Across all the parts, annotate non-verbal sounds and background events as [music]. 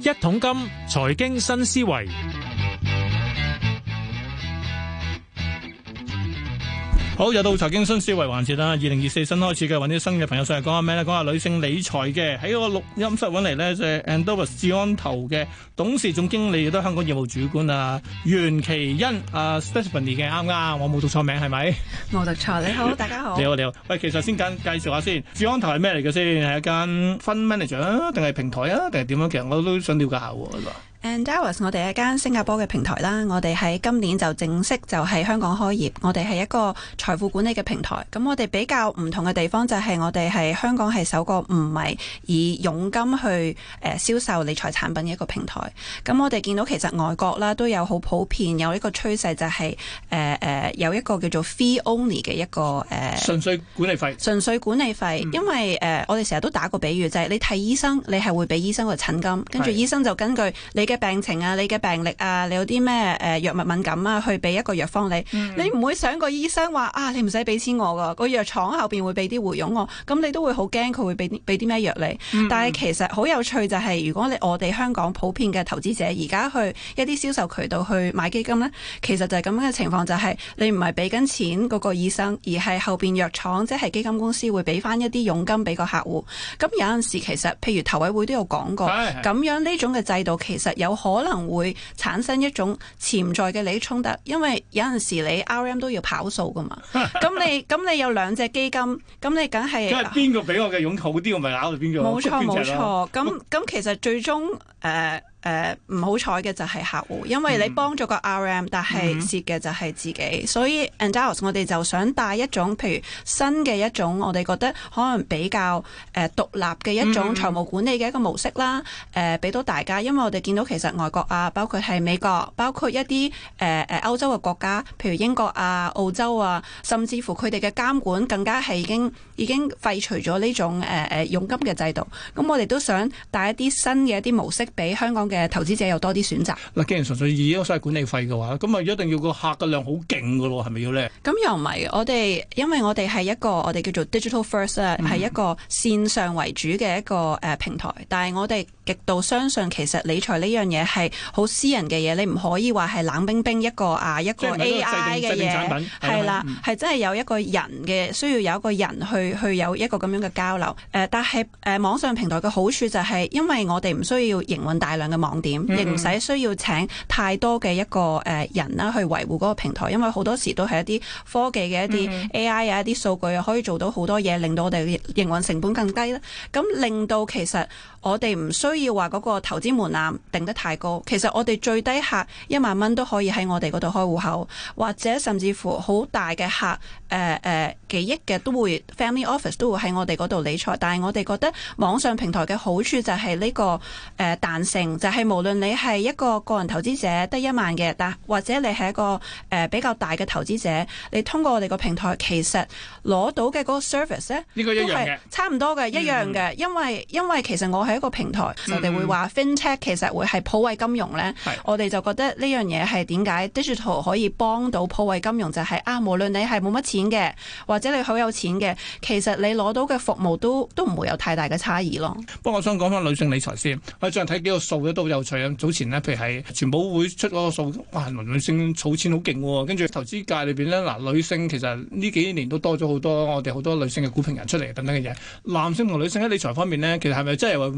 一桶金，財經新思維。好，又到財經新思維環節啦。二零二四新開始嘅搵啲新嘅朋友上講，呢，上嚟講下咩咧？講下女性理財嘅，喺個錄音室搵嚟咧，就係、是、Endowus 智安投嘅董事總經理，亦都係香港業務主管啊，袁淇欣啊，Stephanie 嘅啱唔啱？我冇讀錯名係咪？冇讀錯。你好， [laughs] 大家好。 [laughs] 你好，你好。喂，其實先介紹下先，智安投係咩嚟嘅先？係一間 fund manager 啊，定係平台啊，定係點樣？其實我都想了解下喎。Endowus 我哋一間新加坡嘅平台啦，我哋喺今年就正式就喺香港開業。我哋係一個財富管理嘅平台。咁我哋比較唔同嘅地方就係我哋係香港係首個唔係以佣金去誒銷售理財產品嘅一個平台。咁我哋見到其實外國啦都有好普遍有一個趨勢就係誒誒有一個叫做 fee-only 嘅一個誒純、呃、粹管理費，純粹管理費、嗯。因為誒、呃、我哋成日都打個比喻就係、是、你睇醫生，你係會俾醫生個診金，跟住醫生就根據你嘅病情啊，你嘅病歷啊，你有啲咩誒藥物敏感啊，去俾一個藥方你。嗯、你唔會想個醫生話啊，你唔使俾錢我噶，個藥廠後邊會俾啲回佣我。咁你都會好驚佢會俾啲俾啲咩藥你。你嗯、但係其實好有趣就係、是，如果你我哋香港普遍嘅投資者而家去一啲銷售渠道去買基金咧，其實就係咁樣嘅情況，就係、是、你唔係俾緊錢嗰個醫生，而係後邊藥廠即係基金公司會俾翻一啲佣金俾個客戶。咁有陣時其實譬如投委會都有講過，咁樣呢種嘅制度其實。有可能會產生一種潛在嘅利益衝突，因為有陣時你 RM 都要跑數噶嘛，咁 [laughs] 你咁你有兩隻基金，咁你梗係即係邊個俾我嘅傭好啲，我咪咬住邊個，冇錯冇錯，咁咁、啊、其實最終誒。Uh, 誒唔好彩嘅就係客戶，因為你幫咗個 RM，、嗯、但係蝕嘅就係自己。嗯、所以 Endowus，我哋就想帶一種譬如新嘅一種，我哋覺得可能比較誒獨立嘅一種財務管理嘅一個模式啦。誒、嗯，俾到大家，因為我哋見到其實外國啊，包括係美國，包括一啲誒誒歐洲嘅國家，譬如英國啊、澳洲啊，甚至乎佢哋嘅監管更加係已經已經廢除咗呢種誒誒佣金嘅制度。咁我哋都想帶一啲新嘅一啲模式俾香港。嘅投資者有多啲選擇，嗱，既然純粹以一個所謂管理費嘅話，咁啊一定要個客嘅量好勁嘅咯，係咪要咧？咁又唔係，我哋因為我哋係一個我哋叫做 digital first 係、嗯、一個線上為主嘅一個誒平台。但係我哋極度相信其實理財呢樣嘢係好私人嘅嘢，你唔可以話係冷冰冰一個啊一個 AI 嘅產品，係啦，係、嗯、真係有一個人嘅需要有一個人去去有一個咁樣嘅交流。誒，但係誒網上平台嘅好處就係因為我哋唔需要營運大量嘅。網點亦唔使，需要請太多嘅一個誒人啦，去維護嗰個平台，因為好多時都係一啲科技嘅一啲 A I 啊，一啲數據啊，可以做到好多嘢，令到我哋營運成本更低啦。咁令到其實。我哋唔需要話嗰個投資門檻定得太高，其實我哋最低客一萬蚊都可以喺我哋嗰度開戶口，或者甚至乎好大嘅客，誒、呃、誒幾億嘅都會 family office 都會喺我哋嗰度理財，但係我哋覺得網上平台嘅好處就係呢、這個誒彈、呃、性，就係、是、無論你係一個個人投資者得一萬嘅，但或者你係一個誒、呃、比較大嘅投資者，你通過我哋個平台，其實攞到嘅嗰個 service 咧，呢個一樣嘅，差唔多嘅、嗯、一樣嘅，因為因為其實我係。喺一個平台，嗯、我哋會話 FinTech 其實會係普惠金融咧。我哋就覺得呢樣嘢係點解 Digital 可以幫到普惠金融？就係、是、啊，無論你係冇乜錢嘅，或者你好有錢嘅，其實你攞到嘅服務都都唔會有太大嘅差異咯。不過我想講翻女性理財先，我最近睇幾個數都好有趣啊。早前呢，譬如係全部會出嗰個數，哇，女性儲錢好勁喎。跟住投資界裏邊咧，嗱、呃，女性其實呢幾年都多咗好多我哋好多女性嘅股評人出嚟等等嘅嘢。男性同女性喺理財方面咧，其實係咪真係話？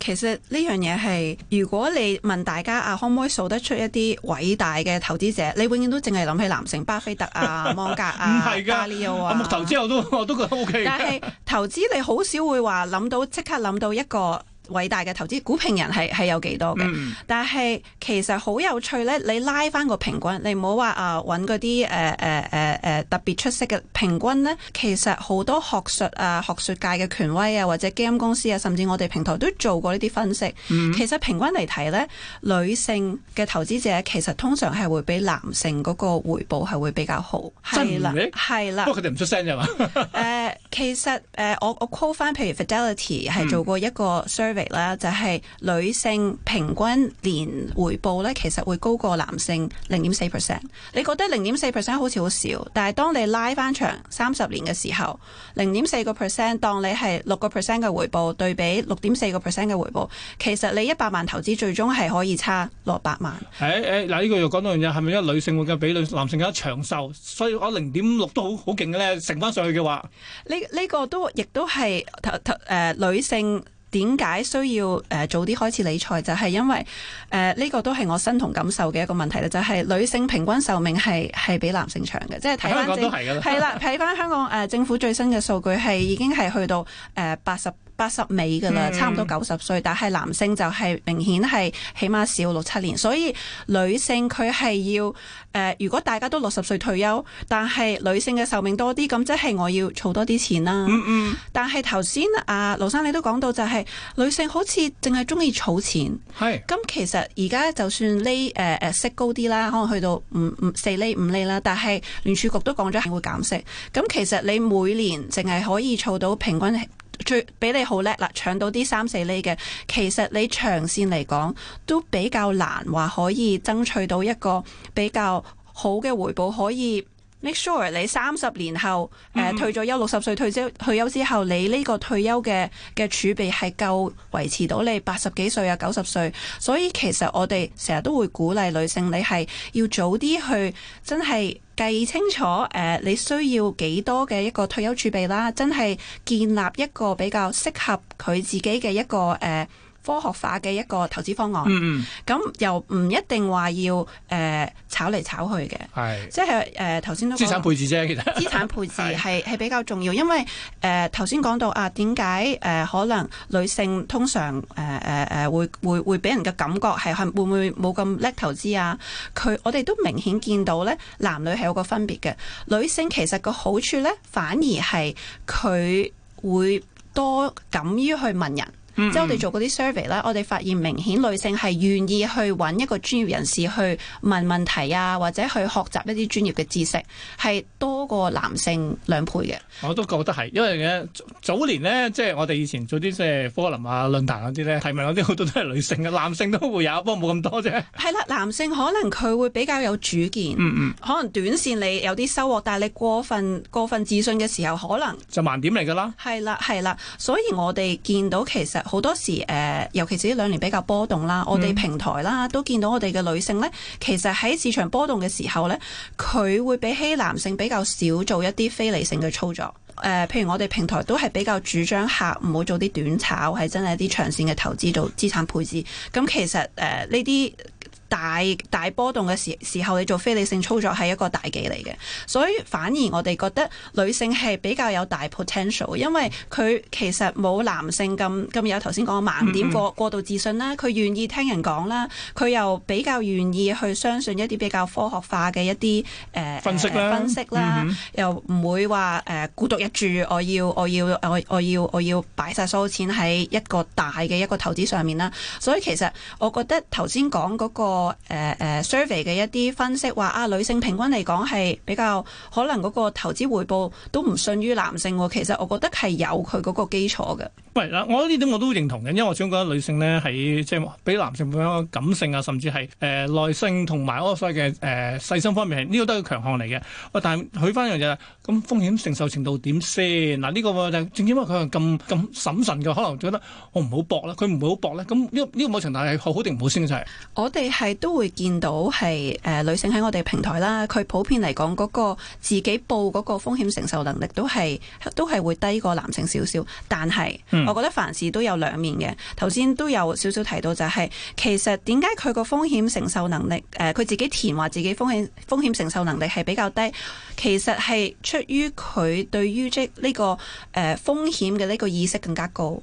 其實呢樣嘢係，如果你問大家啊，可唔可以數得出一啲偉大嘅投資者？你永遠都淨係諗起男性、巴菲特啊、芒 [laughs] 格啊、Dalio 啊。投資我都我都覺得 OK。但係投資你好少會話諗到即刻諗到一個。偉大嘅投資股評人係係有幾多嘅、嗯？但係其實好有趣咧，你拉翻個平均，你唔好話啊揾嗰啲誒誒誒特別出色嘅平均咧，其實好多學術啊、呃、學術界嘅權威啊，或者基金公司啊，甚至我哋平台都做過呢啲分析、嗯。其實平均嚟睇咧，女性嘅投資者其實通常係會比男性嗰個回報係會比較好。真啦係啦，不過佢哋唔出聲啫嘛。 [laughs] 呃其實誒、呃，我我 call 翻，譬如 Fidelity 係做過一個 survey 啦、嗯，就係、是、女性平均年回報咧，其實會高過男性零點四 percent。你覺得零點四 percent 好似好少，但係當你拉翻長三十年嘅時候，零點四個 percent 當你係六個 percent 嘅回報對比六點四個 percent 嘅回報，其實你一百萬投資最終係可以差落百萬。係、哎、誒，嗱呢個又講到樣嘢，係咪因為女性會嘅比女男性更加長壽，所以我零點六都好好勁嘅咧，乘翻上去嘅話，呢？呢、這個也都亦都係誒女性點解需要誒早啲開始理財就係、是、因為誒呢、呃，這個都係我身同感受嘅一個問題咧，就係、是、女性平均壽命係係比男性長嘅，即係睇翻香港係啦，睇翻香港誒、呃、政府最新嘅數據係已經係去到誒八十。呃八十尾噶啦，差唔多九十歲，但係男性就係明顯係起碼少六七年，所以女性佢係要誒、呃。如果大家都六十歲退休，但係女性嘅壽命多啲，咁即係我要儲多啲錢啦。嗯嗯。但係頭、啊、先阿盧生你都講到就係、是、女性好似淨係中意儲錢，係咁、嗯、其實而家就算呢誒誒息高啲啦，可能去到五五四厘五厘啦，但係聯儲局都講咗係會減息，咁、嗯、其實你每年淨係可以儲到平均。最比你好叻啦，搶到啲三四厘嘅，其實你長線嚟講都比較難話可以爭取到一個比較好嘅回報，可以。make sure 你三十年後誒，退咗休，六十歲退休，退休之後，你呢個退休嘅嘅儲備係夠維持到你八十幾歲啊，九十歲。所以其實我哋成日都會鼓勵女性，你係要早啲去真係計清楚誒，uh, 你需要幾多嘅一個退休儲備啦，真係建立一個比較適合佢自己嘅一個誒。Uh, 科學化嘅一個投資方案，咁、嗯嗯、又唔一定話要誒、呃、炒嚟炒去嘅，即係誒頭先都講過資產配置啫，其實 [laughs] 資產配置係係比較重要，因為誒頭先講到啊，點解誒可能女性通常誒誒誒會會會俾人嘅感覺係係會唔會冇咁叻投資啊？佢我哋都明顯見到咧，男女係有個分別嘅，女性其實個好處咧，反而係佢會多敢於去問人。嗯嗯、即係我哋做嗰啲 survey 咧，我哋發現明顯女性係願意去揾一個專業人士去問問題啊，或者去學習一啲專業嘅知識，係多過男性兩倍嘅。我都覺得係，因為咧早年咧，即係我哋以前做啲即係科林啊、論壇嗰啲咧，提問嗰啲好多都係女性嘅，男性都會有，不過冇咁多啫。係啦，男性可能佢會比較有主見，嗯，嗯可能短線你有啲收穫，但係你過分過分自信嘅時候，可能就盲點嚟㗎啦。係啦係啦，所以我哋見到其實。好多時誒、呃，尤其是呢兩年比較波動啦、嗯，我哋平台啦都見到我哋嘅女性呢，其實喺市場波動嘅時候呢，佢會比起男性比較少做一啲非理性嘅操作、呃。譬如我哋平台都係比較主張客唔好做啲短炒，係真係一啲長線嘅投資做資產配置。咁、嗯、其實誒呢啲。呃這些大大波動嘅時時候，你做非理性操作係一個大忌嚟嘅。所以反而我哋覺得女性係比較有大 potential，因為佢其實冇男性咁咁有頭先講盲點過過度自信啦，佢願意聽人講啦，佢又比較願意去相信一啲比較科學化嘅一啲誒分析啦，分析啦、嗯嗯，又唔會話誒、呃、孤獨一注，我要我要我我要我要擺晒所有錢，喺一個大嘅一個投資上面啦。所以其實我覺得頭先講嗰個誒、呃、誒 survey 嘅一啲分析話啊，女性平均嚟講係比較可能嗰個投資回報都唔遜於男性。其實我覺得係有佢嗰個基礎嘅。喂嗱，我呢點我都認同嘅，因為我始終覺得女性咧喺即係比男性比較感性啊，甚至係誒、呃、耐性同埋所有嘅誒細心方面係呢個都係強項嚟嘅。但係佢翻樣嘢咁風險承受程度點先？嗱、啊、呢、這個就正因為佢係咁咁審慎嘅，可能覺得我唔好搏咧，佢唔會好搏咧，咁呢、這個呢、這個某程度係好定唔好先就係。我哋係。係都會見到係誒、呃、女性喺我哋平台啦，佢普遍嚟講嗰個自己報嗰個風險承受能力都係都係會低過男性少少，但係、嗯、我覺得凡事都有兩面嘅。頭先都有少少提到就係、是，其實點解佢個風險承受能力誒，佢、呃、自己填話自己風險風險承受能力係比較低，其實係出於佢對於即、係、呢個誒、呃、風險嘅呢個意識更加高。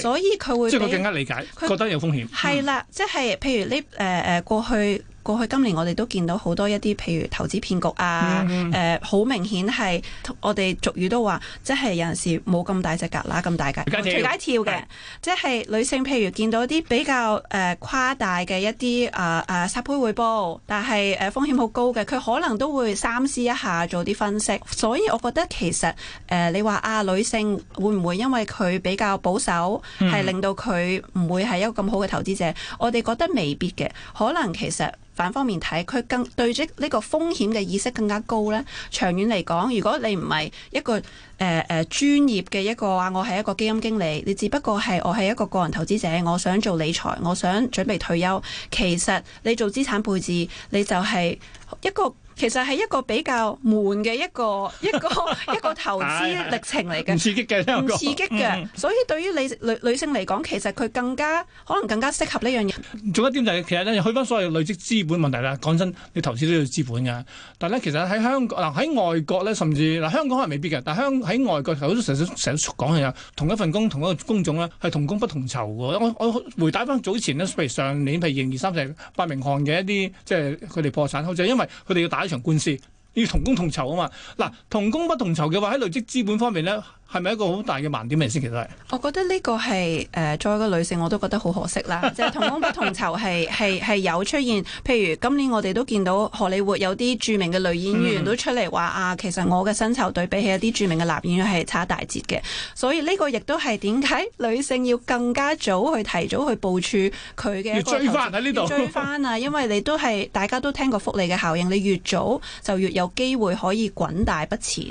所以佢會即係佢更加理解，佢覺得有風險。係啦，即係、就是、譬如呢誒誒過去。過去今年，我哋都見到好多一啲，譬如投資騙局啊，誒、mm -hmm. 呃，好明顯係我哋俗語都話，即係有陣時冇咁大隻蛤乸咁大嘅隨街跳嘅、嗯。即係女性，譬如見到啲比較誒誇大嘅一啲啊啊沙盤匯報，但係誒風險好高嘅，佢可能都會三思一下做啲分析。所以我覺得其實誒、呃，你話啊，女性會唔會因為佢比較保守，係、mm -hmm. 令到佢唔會係一個咁好嘅投資者？我哋覺得未必嘅，可能其實。反方面睇，佢更對住呢個風險嘅意識更加高咧。長遠嚟講，如果你唔係一個誒誒專業嘅一個話，我係一個基金經理，你只不過係我係一個個人投資者，我想做理財，我想準備退休，其實你做資產配置，你就係一個。其實係一個比較悶嘅一個一個一個投資歷程嚟嘅，唔刺激嘅，唔刺激嘅。所以對於你女女性嚟講，其實佢更加可能更加適合呢樣嘢。仲一點就係其實咧，去翻所謂累積資本問題啦。講真，你投資都要資本㗎。但係咧，其實喺香港嗱，喺外國咧，甚至嗱，香港可能未必嘅。但係香喺外國，頭先成日講嘅有同一份工同一個工種咧，係同工不同酬㗎。我我回帶翻早前咧，譬如上年譬如二零二三年八名行嘅一啲，即係佢哋破產，好似因為佢哋要打。一場官司要同工同酬啊嘛，嗱、啊、同工不同酬嘅話喺累積資本方面咧。係咪一個好大嘅盲點嚟先？其實是，我覺得呢個係誒、呃，作為一個女性，我都覺得好可惜啦。 [laughs] 就是同工不同酬係係係有出現。譬如今年我哋都見到荷里活有啲著名嘅女演員都出嚟話、嗯、啊，其實我嘅薪酬對比起一啲著名嘅男演員係差大截嘅。所以呢個亦都係點解女性要更加早去提早去部署佢嘅。追翻喺呢度，追翻啊！因為你都係大家都聽過福利嘅效應，你越早就越有機會可以滾大筆錢。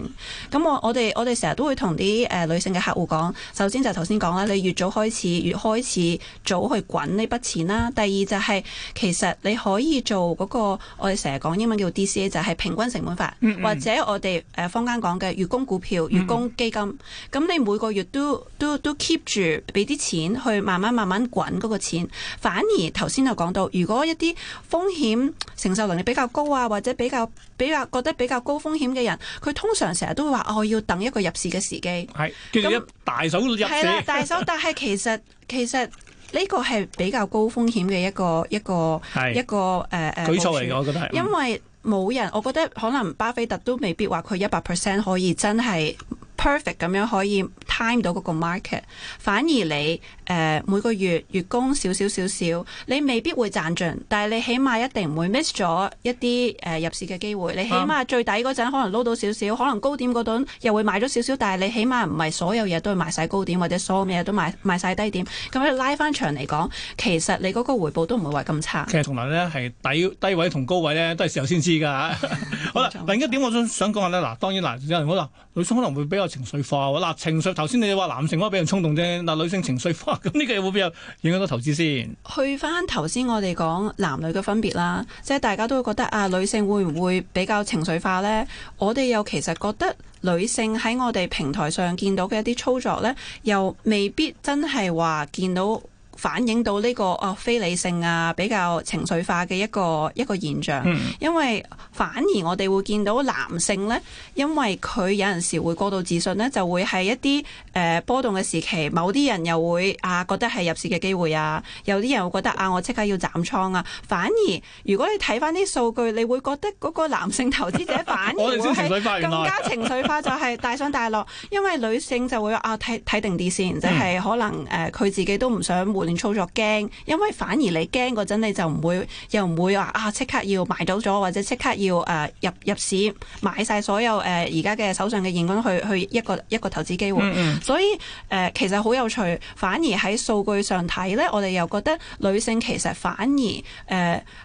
咁我我哋我哋成日都會同。俾、呃、女性嘅客戶講，首先就頭先講啦，你越早開始，越開始早去滾呢筆錢啦。第二就係、是，其實你可以做嗰、那個我哋成日講英文叫 DCA，就係平均成本法，嗯嗯或者我哋誒坊間講嘅月供股票、月供基金。咁、嗯嗯、你每個月都都都 keep 住俾啲錢去慢慢慢慢滾嗰個錢，反而頭先就講到，如果一啲風險承受能力比較高啊，或者比較比較覺得比較高風險嘅人，佢通常成日都會話哦，我要等一個入市嘅時機。係，跟住一大手入，係啦大手，但係其實其實呢個係比較高風險嘅一個 [laughs] 一個一個誒誒、呃、舉措嚟，我覺得係，因為冇人，我覺得可能巴菲特都未必話佢一百 percent 可以真係。perfect 咁樣可以 time 到嗰個 market，反而你、呃、每個月月供少少少少，你未必會賺盡，但係你起碼一定唔會 miss 咗一啲、呃、入市嘅機會。你起碼最底嗰陣可能撈到少少，可能高點嗰段又會買咗少少，但係你起碼唔係所有嘢都賣晒高點，或者所有嘢都賣賣晒低點。咁樣拉翻場嚟講，其實你嗰個回報都唔會話咁差。其實同埋咧係底低位同高位咧都係時候先知㗎 [laughs] 好啦，另一點我想想講下咧，嗱當然啦有人嗱，女生可能會比較。情緒化嗱、啊，情緒頭先你話男性可能比較衝動啫，嗱、啊、女性情緒化，咁呢個有冇必要影響到投資先？去翻頭先我哋講男女嘅分別啦，即係大家都會覺得啊，女性會唔會比較情緒化呢？我哋又其實覺得女性喺我哋平台上見到嘅一啲操作呢，又未必真係話見到。反映到呢個哦非理性啊，比較情緒化嘅一個一個現象，嗯。因為反而我哋會見到男性咧，因為佢有陣時會過度自信咧，就會係一啲誒波動嘅時期，某啲人又會啊覺得係入市嘅機會啊，有啲人會覺得啊我即刻要斬倉啊。反而如果你睇翻啲數據，你會覺得嗰個男性投資者反而會係更加情緒化，就係大上大落。因為女性就會啊睇睇定啲先，就係可能誒佢自己都唔想操作驚，因為反而你驚嗰陣，你就唔會又唔會話啊，即刻要買到咗，或者即刻要誒、啊、入入市買晒所有誒而家嘅手上嘅現金去去一個一個投資機會嗯嗯。所以誒、啊，其實好有趣，反而喺數據上睇咧，我哋又覺得女性其實反而誒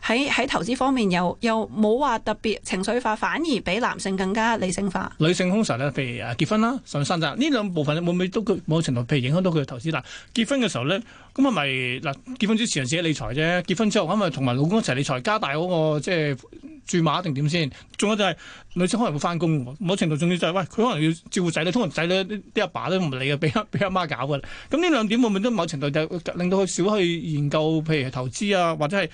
喺喺投資方面又又冇話特別情緒化，反而比男性更加理性化。女性空手呢，咧，譬如誒結婚啦，甚至生仔，呢兩部分會唔會都冇程度，譬如影響到佢嘅投資？嗱，結婚嘅時候咧。咁啊咪嗱，結婚之前自己理財啫，結婚之後咁咪同埋老公一齊理財，加大嗰、那個即係注碼定點先。仲、就是、有就係、是、女性可能會返工某程度重點就係、是、喂佢可能要照顧仔女，通常仔女啲阿爸，爸都唔理嘅，俾阿俾阿媽搞嘅。咁呢兩點會唔會都某程度就是、令到佢少去研究，譬如投資啊，或者係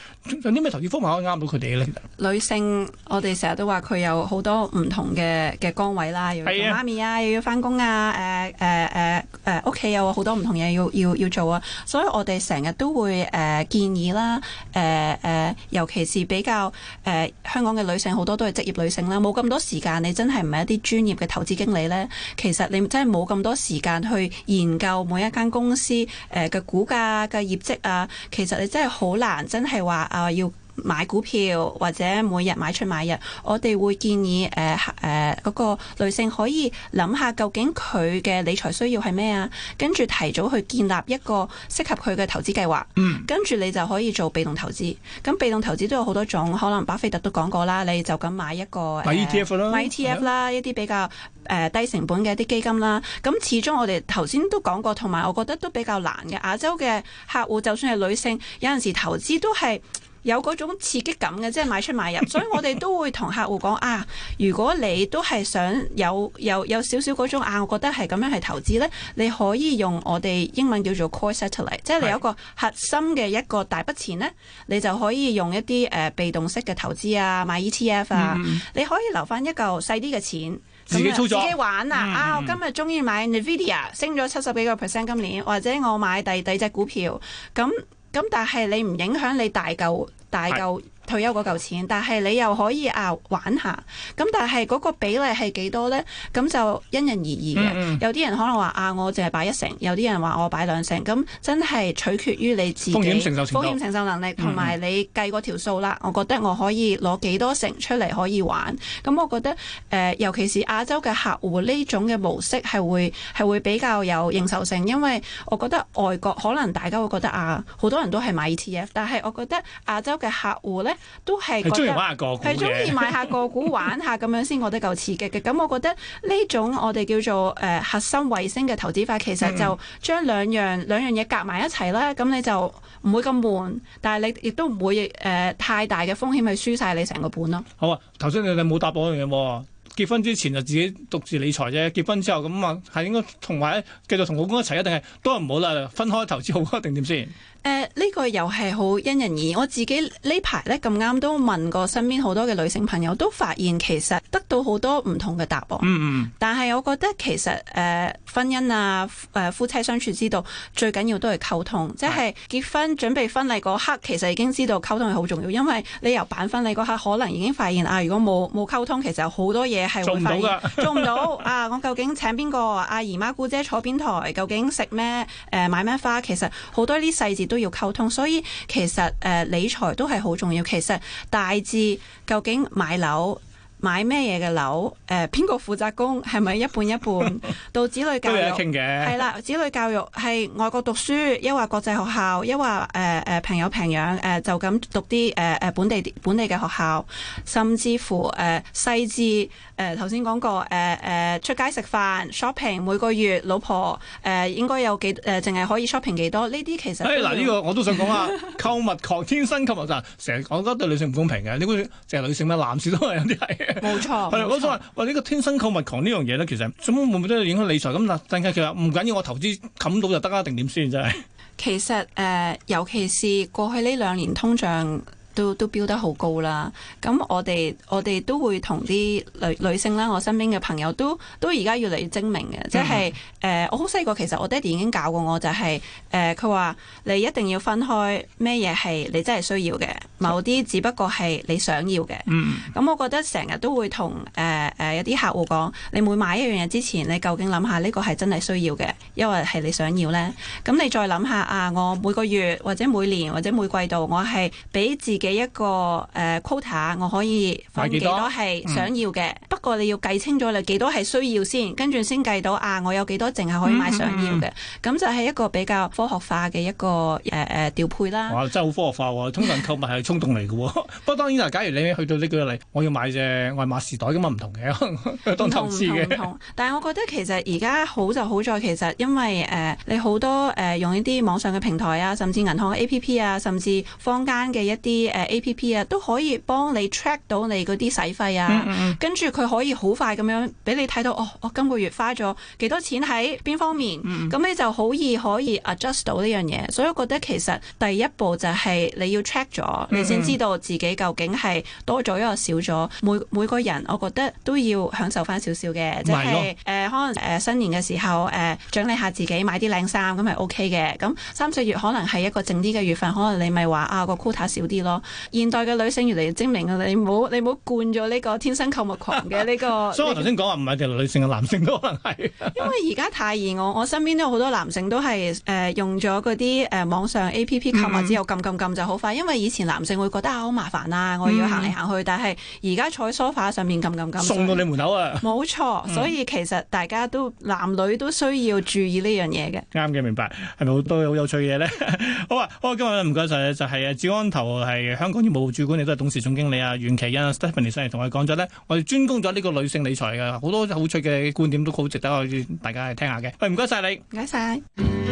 有啲咩投資方法可以啱到佢哋咧？女性我哋成日都話佢有好多唔同嘅嘅崗位啦，例如媽咪啊，又要返工啊，誒誒誒誒屋企有好多唔同嘢要要要做啊，所以。我哋成日都會誒建議啦，誒、呃、誒，尤其是比較誒、呃、香港嘅女性，好多都係職業女性啦，冇咁多時間，你真係唔係一啲專業嘅投資經理咧，其實你真係冇咁多時間去研究每一間公司誒嘅股價、嘅業績啊，其實你真係好難，真係話啊要買股票或者每日買出買入，我哋會建議誒誒嗰個女性可以諗下究竟佢嘅理財需要係咩啊？跟住提早去建立一個適合佢嘅投資計劃。嗯。跟住你就可以做被動投資。咁被動投資都有好多種，可能巴菲特都講過啦。你就咁買一個買、啊、ETF 啦，買 ETF 啦，一啲比較誒、呃、低成本嘅一啲基金啦。咁始終我哋頭先都講過，同埋我覺得都比較難嘅。亞洲嘅客戶，就算係女性，有陣時投資都係。有嗰種刺激感嘅，即係買出買入，所以我哋都會同客戶講 [laughs] 啊，如果你都係想有有有少少嗰種啊，我覺得係咁樣係投資呢，你可以用我哋英文叫做 core satellite，即係你有一個核心嘅一個大筆錢呢，你就可以用一啲誒、呃、被動式嘅投資啊，買 ETF 啊，嗯、你可以留翻一嚿細啲嘅錢，自己操作，咁樣自己玩啊！嗯、啊，我今日鍾意買 Nvidia 升咗七十幾個 percent 今年，或者我買第第隻股票咁。咁但係你唔影響你大嚿大嚿，退休嗰嚿錢，但係你又可以啊玩下，咁但係嗰個比例係幾多呢？咁就因人而異嘅、嗯嗯。有啲人可能話啊，我淨係擺一成；有啲人話我擺兩成。咁真係取決於你自己風險，風險承受能力同埋你計嗰條數啦、嗯嗯。我覺得我可以攞幾多成出嚟可以玩。咁我覺得誒、呃，尤其是亞洲嘅客戶呢種嘅模式係會係會比較有認受性，因為我覺得外國可能大家會覺得啊，好多人都係買 ETF，但係我覺得亞洲嘅客戶呢。都係，係中意玩下個股，係中意買下個股玩下咁樣先，覺得夠刺激嘅。咁我覺得呢種我哋叫做誒、呃、核心衛星嘅投資法，其實就將兩樣兩樣嘢夾埋一齊啦。咁你就唔會咁悶，但係你亦都唔會誒、呃、太大嘅風險去輸晒你成個本咯。好啊，頭先你哋冇答我一樣嘢，結婚之前就自己獨自理財啫，結婚之後咁啊，係、嗯、應該同埋繼續同老公一齊，定係都唔好啦，分開投資好啊，定點先？誒、呃、呢、這個又係好因人而異，我自己呢排呢，咁啱都問過身邊好多嘅女性朋友，都發現其實得到好多唔同嘅答案。嗯嗯。但係我覺得其實誒、呃、婚姻啊，夫妻相處之道最緊要都係溝通，即、就、係、是、結婚準備婚禮嗰刻，其實已經知道溝通係好重要，因為你由板婚禮嗰刻可能已經發現啊，如果冇冇溝通，其實有好多嘢係做唔到做唔到啊！我究竟請邊個啊，姨媽姑姐坐邊台？究竟食咩誒，買咩花？其實好多呢啲細節都都要溝通，所以其實誒理財都係好重要。其實大致究竟買樓。買咩嘢嘅樓？誒、呃，邊個負責供？係咪一半一半？ [laughs] 到子女教育 [laughs] 都有一傾嘅。係啦，子女教育係外國讀書，抑或國際學校，抑或誒誒朋友平養，誒、呃、就咁讀啲誒誒本地本地嘅學校，甚至乎誒細緻。誒頭先講過，誒、呃、誒、呃、出街食飯、shopping，每個月老婆誒、呃、應該有幾誒淨係可以 shopping 幾多？呢啲其實誒嗱呢個我都想講啊，購物狂天生購物神，成日講得對女性唔公平嘅。你估淨係女性咩？男士都係有啲係。 [laughs] 冇錯， [laughs] 錯，我想話，喂、這、呢個天生購物狂這件事呢樣嘢咧，其實咁會唔會都影響理財？咁嗱，陣間唔緊要，我投資冚到就得啦，定點先？真係其實、呃、尤其是過去呢兩年通脹。都都飆得好高啦！咁我哋我哋都會同啲女女性啦，我身邊嘅朋友都都而家越嚟越精明嘅，即係誒我好細個其實我爹哋已經教過我，就係誒佢話你一定要分開咩嘢係你真係需要嘅，某啲只不過係你想要嘅。咁、嗯、我覺得成日都會同誒誒有啲客戶講，你每買一樣嘢之前，你究竟諗下呢個係真係需要嘅，抑或係你想要咧？咁你再諗下啊，我每個月或者每年或者每季度，我係俾自己嘅一個誒 quota，我可以放幾多係想要嘅，嗯、不過你要計清楚你幾多係需要先，跟住先計到啊！我有幾多淨係可以買想要嘅，咁、嗯嗯嗯嗯、就係一個比較科學化嘅一個誒誒、呃、調配啦。哇！真係好科學化喎、啊，通常購物係衝動嚟嘅喎。 [laughs] 不過當然啦，假如你去到呢個嚟，我要買隻愛馬仕袋咁嘛，唔同嘅， [laughs] 當投資嘅，唔同唔同，但係我覺得其實而家好就好在其實因為誒、呃、你好多誒、呃、用一啲網上嘅平台啊，甚至銀行嘅 A P P 啊，甚至坊間嘅一啲。啊、A P P 啊，都可以幫你 track 到你嗰啲使費啊，嗯嗯嗯，跟住佢可以好快咁樣俾你睇到，哦，我、哦、今個月花咗幾多錢喺邊方面，咁、嗯嗯、你就好易可以 adjust 到呢樣嘢。所以我覺得其實第一步就係你要 check 咗、嗯嗯，你先知道自己究竟係多咗抑或少咗。每每個人我覺得都要享受翻少少嘅，即、就、係、是呃、可能誒、呃、新年嘅時候誒、呃，獎勵下自己買啲靚衫咁係 O K 嘅。咁三四月可能係一個靜啲嘅月份，可能你咪話啊個 quota 少啲咯。現代嘅女性越嚟越精明啊！你唔好你唔好灌咗呢個天生購物狂嘅呢、 [laughs] 這個。所以我頭先講話唔係淨係女性啊，男性都可能係。 [laughs] 因為而家太易我，我身邊都有好多男性都係誒、呃、用咗嗰啲誒網上 A P P 購物，之後撳撳撳就好快。因為以前男性會覺得啊好麻煩啊，我要行嚟行去，嗯、但係而家坐喺梳化上面撳撳撳，送到你門口啊。冇錯、嗯，所以其實大家都男女都需要注意呢樣嘢嘅。啱、嗯、嘅，明白係咪好多好有趣嘅嘢咧？ [laughs] 好啊，好啊，今日唔該晒，就係啊，治安頭係。香港業務主管，你都係董事總經理啊，袁淇欣啊 Stephanie 上嚟同我哋講咗咧，我哋專攻咗呢個女性理財嘅，好多好趣嘅觀點都好值得我大家去聽下嘅。喂、嗯，唔該晒你，唔該晒。